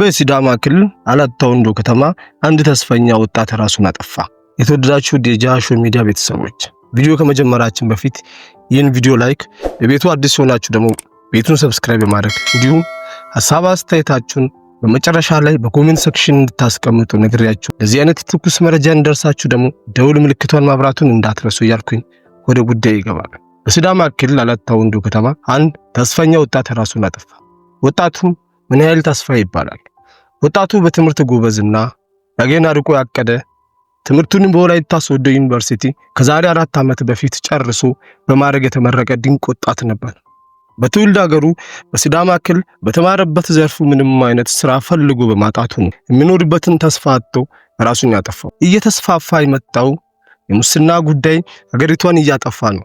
በሲዳማ ክልል አለታ ወንዶ ከተማ አንድ ተስፈኛ ወጣት ራሱን አጠፋ። የተወደዳችሁ የጃሾ ሚዲያ ቤተሰቦች ቪዲዮ ከመጀመራችን በፊት ይህን ቪዲዮ ላይክ፣ በቤቱ አዲስ የሆናችሁ ደግሞ ቤቱን ሰብስክራይብ ማድረግ እንዲሁም ሀሳብ አስተያየታችሁን በመጨረሻ ላይ በኮሜንት ሴክሽን እንድታስቀምጡ ነግሬያችሁ ለዚህ አይነት ትኩስ መረጃ እንደርሳችሁ ደግሞ ደውል ምልክቷን ማብራቱን እንዳትረሱ እያልኩኝ ወደ ጉዳይ ይገባል። በሲዳማ ክልል አላታ ወንዶ ከተማ አንድ ተስፈኛ ወጣት ራሱን አጠፋ። ወጣቱም ምን ያህል ተስፋ ይባላል። ወጣቱ በትምህርት ጎበዝና ነገን አርቆ ያቀደ ትምህርቱንም በወላይታ ሶዶ ዩኒቨርሲቲ ከዛሬ አራት ዓመት በፊት ጨርሶ በማድረግ የተመረቀ ድንቅ ወጣት ነበር። በትውልድ ሀገሩ በሲዳማ ክልል በተማረበት ዘርፉ ምንም አይነት ስራ ፈልጎ በማጣቱ ነው የሚኖርበትን ተስፋ አጥቶ ራሱን ያጠፋው። እየተስፋፋ የመጣው የሙስና ጉዳይ ሀገሪቷን እያጠፋ ነው።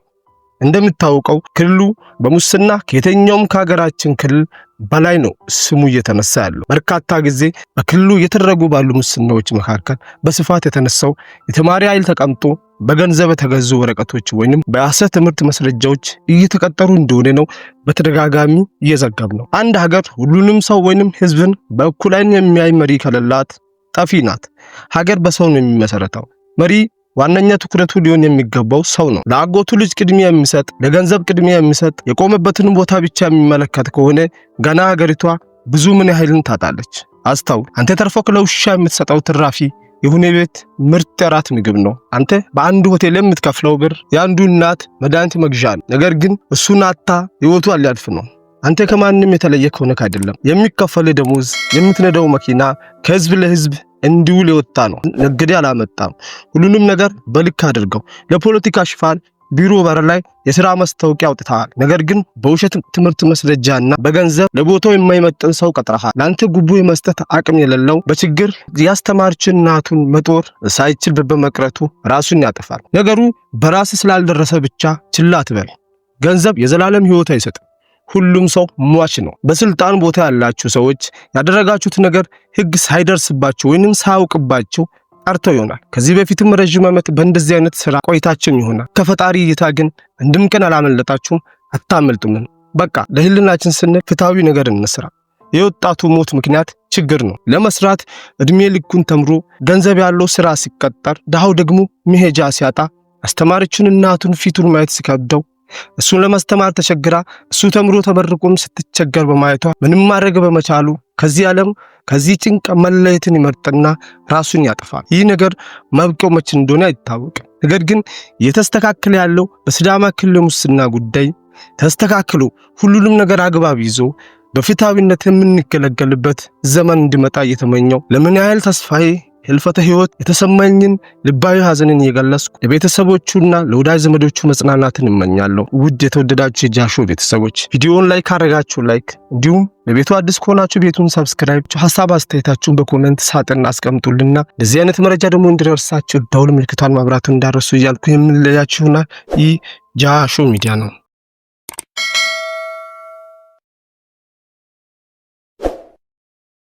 እንደሚታወቀው ክልሉ በሙስና ከየትኛውም ከሀገራችን ክልል በላይ ነው ስሙ እየተነሳ ያለው። በርካታ ጊዜ በክልሉ እየተደረጉ ባሉ ሙስናዎች መካከል በስፋት የተነሳው የተማሪ ኃይል ተቀምጦ በገንዘብ የተገዙ ወረቀቶች ወይም በሐሰት ትምህርት ማስረጃዎች እየተቀጠሩ እንደሆነ ነው በተደጋጋሚ እየዘገብ ነው። አንድ ሀገር ሁሉንም ሰው ወይንም ህዝብን በእኩል የሚያይ መሪ ከሌላት ጠፊ ናት። ሀገር በሰው ነው የሚመሰረተው። መሪ ዋነኛ ትኩረቱ ሊሆን የሚገባው ሰው ነው። ለአጎቱ ልጅ ቅድሚያ የሚሰጥ፣ ለገንዘብ ቅድሚያ የሚሰጥ፣ የቆመበትን ቦታ ብቻ የሚመለከት ከሆነ ገና ሀገሪቷ ብዙ ምን ያህልን ታጣለች። አስታውል። አንተ ተርፎክ ለውሻ የምትሰጠው ትራፊ የሁኔ ቤት ምርጥ የራት ምግብ ነው። አንተ በአንድ ሆቴል የምትከፍለው ብር የአንዱ እናት መድኃኒት መግዣ ነው። ነገር ግን እሱን አታ ህይወቱ አሊያልፍ ነው። አንተ ከማንም የተለየ ከሆነ አይደለም። የሚከፈል ደሞዝ፣ የምትነዳው መኪና፣ ከህዝብ ለህዝብ እንዲውል የወጣ ነው። ነግዴ አላመጣም። ሁሉንም ነገር በልክ አድርገው ለፖለቲካ ሽፋን ቢሮ በር ላይ የስራ ማስታወቂያ አውጥተሃል። ነገር ግን በውሸት ትምህርት መስረጃና በገንዘብ ለቦታው የማይመጥን ሰው ቀጥረሃል። ለአንተ ጉቦ የመስጠት አቅም የሌለው በችግር ያስተማረች እናቱን መጦር ሳይችል በመቅረቱ ራሱን ያጠፋል። ነገሩ በራስ ስላልደረሰ ብቻ ችላ ገንዘብ የዘላለም ህይወት አይሰጥም። ሁሉም ሰው ሟች ነው። በስልጣን ቦታ ያላችሁ ሰዎች ያደረጋችሁት ነገር ህግ ሳይደርስባችሁ ወይንም ሳያውቅባችሁ ቀርተው ይሆናል። ከዚህ በፊትም ረዥም ዓመት በእንደዚህ አይነት ስራ ቆይታችን ይሆናል። ከፈጣሪ እይታ ግን አንድም ቀን አላመለጣችሁም፣ አታመልጡምን። በቃ ለህልናችን ስንል ፍትሐዊ ነገር እንስራ። የወጣቱ ሞት ምክንያት ችግር ነው። ለመስራት እድሜ ልኩን ተምሮ ገንዘብ ያለው ስራ ሲቀጠር፣ ድሃው ደግሞ መሄጃ ሲያጣ፣ አስተማሪችን እናቱን ፊቱን ማየት ሲከብደው እሱን ለማስተማር ተቸግራ እሱ ተምሮ ተመርቆም ስትቸገር በማየቷ ምንም ማድረግ በመቻሉ ከዚህ ዓለም ከዚህ ጭንቅ መለየትን ይመርጥና ራሱን ያጠፋል። ይህ ነገር መብቀው መቼ እንደሆነ አይታወቅም። ነገር ግን እየተስተካከለ ያለው በስዳማ ክልል ሙስና ጉዳይ ተስተካክሎ ሁሉንም ነገር አግባብ ይዞ በፍትሐዊነት የምንገለገልበት ዘመን እንዲመጣ እየተመኘው ለምን ያህል ተስፋዬ ህልፈተ ህይወት የተሰማኝን ልባዊ ሀዘንን እየገለጽኩ ለቤተሰቦቹና ለወዳጅ ዘመዶቹ መጽናናትን እመኛለሁ። ውድ የተወደዳችሁ የጃሾ ቤተሰቦች ቪዲዮውን ላይክ አድረጋችሁ ላይክ እንዲሁም ለቤቱ አዲስ ከሆናችሁ ቤቱን ሰብስክራይብ፣ ሀሳብ አስተያየታችሁን በኮመንት ሳጥን አስቀምጡልና እንደዚህ አይነት መረጃ ደግሞ እንዲደርሳችሁ ደውል ምልክቷን ማብራቱን እንዳረሱ እያልኩ የምንለያችሁና ይህ ጃሾ ሚዲያ ነው።